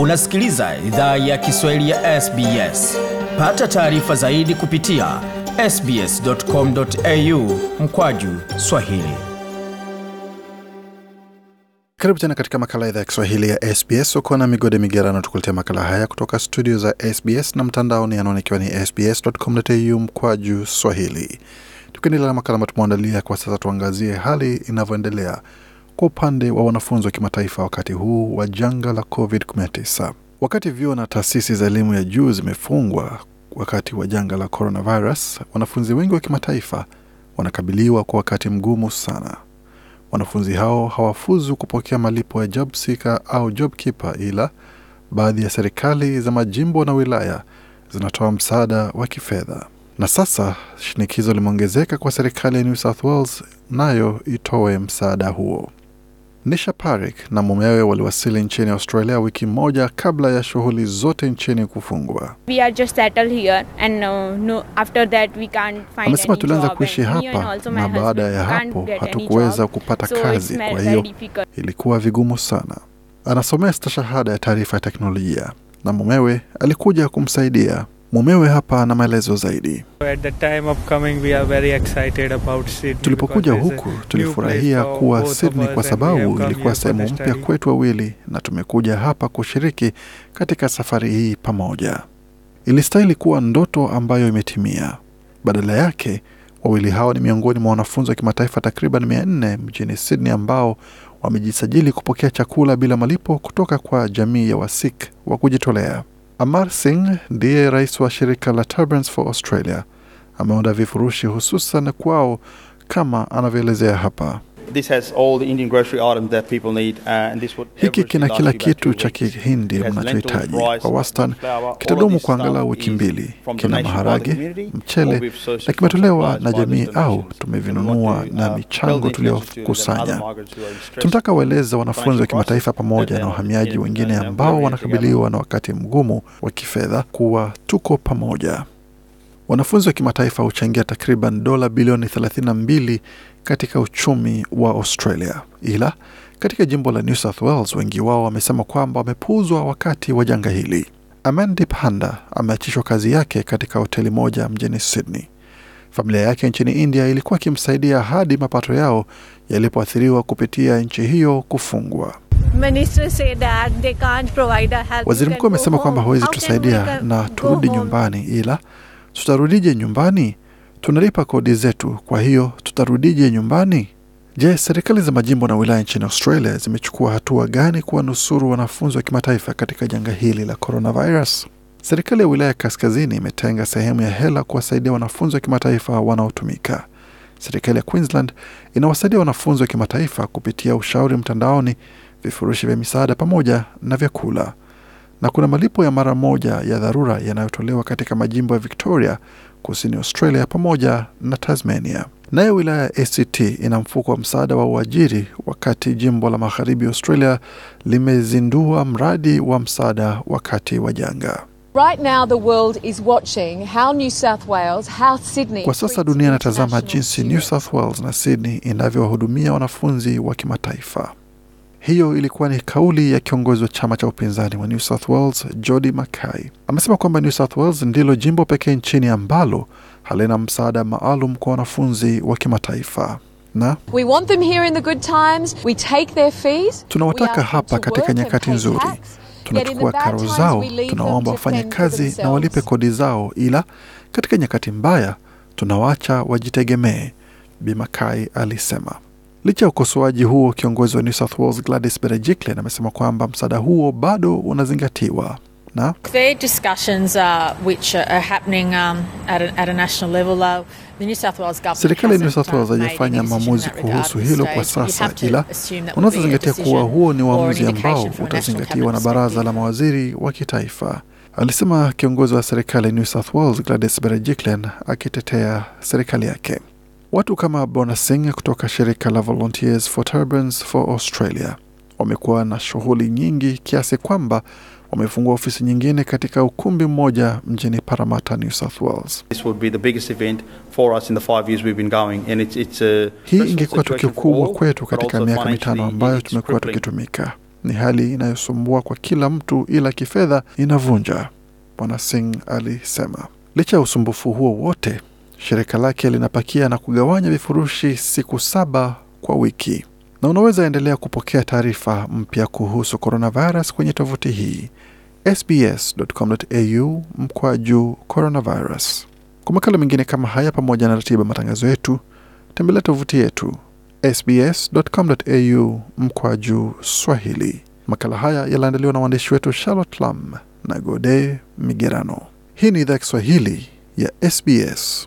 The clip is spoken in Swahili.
Unasikiliza idhaa ya Kiswahili ya SBS. Pata taarifa zaidi kupitia sbs.com.au mkwaju swahili. Karibu tena katika makala idhaa ya Kiswahili ya SBS. Uko na migode migerano, tukuletea makala haya kutoka studio za SBS na mtandaoni, anaonekiwa ikiwa ni sbs.com.au mkwaju swahili. Tukiendelea na makala ambayo tumeandalia kwa sasa, tuangazie hali inavyoendelea kwa upande wa wanafunzi wa kimataifa wakati huu wa janga la COVID-19. Wakati vyuo na taasisi za elimu ya juu zimefungwa wakati wa janga la coronavirus, wanafunzi wengi wa kimataifa wanakabiliwa kwa wakati mgumu sana. Wanafunzi hao hawafuzu kupokea malipo ya job seeker au job keeper, ila baadhi ya serikali za majimbo na wilaya zinatoa msaada wa kifedha. Na sasa shinikizo limeongezeka kwa serikali ya New South Wales nayo itoe msaada huo. Nisha Parik na mumewe waliwasili nchini Australia wiki moja kabla ya shughuli zote nchini kufungwa. Amesema tulianza kuishi hapa na baada ya hapo hatukuweza kupata so kazi, kwa hiyo ilikuwa vigumu sana. Anasomea stashahada ya taarifa ya teknolojia na mumewe alikuja kumsaidia. Mumewe hapa na maelezo zaidi. Tulipokuja huku tulifurahia kuwa Sydney kwa sababu ilikuwa sehemu mpya kwetu wawili, na tumekuja hapa kushiriki katika safari hii pamoja. Ilistahili kuwa ndoto ambayo imetimia. Badala yake, wawili hao ni miongoni mwa wanafunzi wa kimataifa takriban mia nne mjini Sydney ambao wamejisajili kupokea chakula bila malipo kutoka kwa jamii ya Wasik wa kujitolea. Amar Singh ndiye rais wa shirika la Turbans for Australia ameunda vifurushi hususan kwao kama anavyoelezea hapa. Hiki kina kila kitu cha Kihindi mnachohitaji kwa wastani, kitadumu kwa angalau wiki mbili. Kina maharage, mchele na kimetolewa na jamii au tumevinunua na uh, michango tuliyokusanya. Tunataka waeleze wanafunzi wa kimataifa pamoja na wahamiaji uh, wengine ambao wanakabiliwa na wakati mgumu wa kifedha kuwa tuko pamoja. Wanafunzi wa kimataifa huchangia takriban dola bilioni 32 katika uchumi wa Australia, ila katika jimbo la New South Wales wengi wao wamesema kwamba wamepuuzwa wakati wa janga hili. Amandip Handa ameachishwa kazi yake katika hoteli moja mjini Sydney. Familia yake nchini India ilikuwa ikimsaidia hadi mapato yao yalipoathiriwa kupitia nchi hiyo kufungwa. Waziri mkuu amesema kwamba huwezi tusaidia na turudi nyumbani, ila tutarudije nyumbani? Tunalipa kodi zetu, kwa hiyo tutarudije nyumbani? Je, serikali za majimbo na wilaya nchini Australia zimechukua hatua gani kuwanusuru wanafunzi wa kimataifa katika janga hili la coronavirus? Serikali ya wilaya kaskazini imetenga sehemu ya hela kuwasaidia wanafunzi wa kimataifa wanaotumika. Serikali ya Queensland inawasaidia wanafunzi wa kimataifa kupitia ushauri mtandaoni, vifurushi vya misaada pamoja na vyakula na kuna malipo ya mara moja ya dharura yanayotolewa katika majimbo ya Victoria, kusini Australia pamoja na Tasmania. Nayo wilaya ya ACT ina mfuko wa msaada wa uajiri, wakati jimbo la magharibi Australia limezindua mradi wa msaada wakati wa janga. Right now the world is watching how New South Wales, how Sydney. Kwa sasa dunia inatazama jinsi New South Wales na Sydney inavyowahudumia wanafunzi wa kimataifa. Hiyo ilikuwa ni kauli ya kiongozi wa chama cha upinzani wa New South Wales Jodi Mackay. Amesema kwamba New South Wales ndilo jimbo pekee nchini ambalo halina msaada maalum kwa wanafunzi wa kimataifa na tunawataka hapa katika nyakati nzuri, tunachukua karo zao, tunawaomba wafanye kazi na walipe kodi zao, ila katika nyakati mbaya tunawaacha wajitegemee, Bimakai alisema. Licha ya ukosoaji huo, kiongozi wa New South Wales Gladys Berejiklian amesema kwamba msaada huo bado unazingatiwa na uh, um, serikali ya New South Wales uh, haijafanya maamuzi kuhusu hilo kwa sasa, ila unazozingatia kuwa huo ni uamuzi ambao utazingatiwa na baraza la mawaziri wa kitaifa, alisema kiongozi wa serikali ya New South Wales Gladys Berejiklian akitetea serikali yake. Watu kama bona sing kutoka shirika la Volunteers for Turbans for Australia wamekuwa na shughuli nyingi kiasi kwamba wamefungua ofisi nyingine katika ukumbi mmoja mjini paramata New South Wales. Hii ingekuwa tukio kubwa kwetu katika miaka mitano ambayo tumekuwa tukitumika. Ni hali inayosumbua kwa kila mtu, ila kifedha inavunja, Bwana Singh alisema. Licha ya usumbufu huo wote Shirika lake linapakia na kugawanya vifurushi siku saba kwa wiki, na unaweza endelea kupokea taarifa mpya kuhusu coronavirus kwenye tovuti hii sbs.com.au mkwa juu coronavirus. Kwa makala mengine kama haya, pamoja na ratiba matangazo yetu, tembelea tovuti yetu sbs.com.au mkwa juu swahili. Makala haya yaliandaliwa na waandishi wetu Charlotte Lam na Gode Migerano. Hii ni idhaa Kiswahili ya SBS.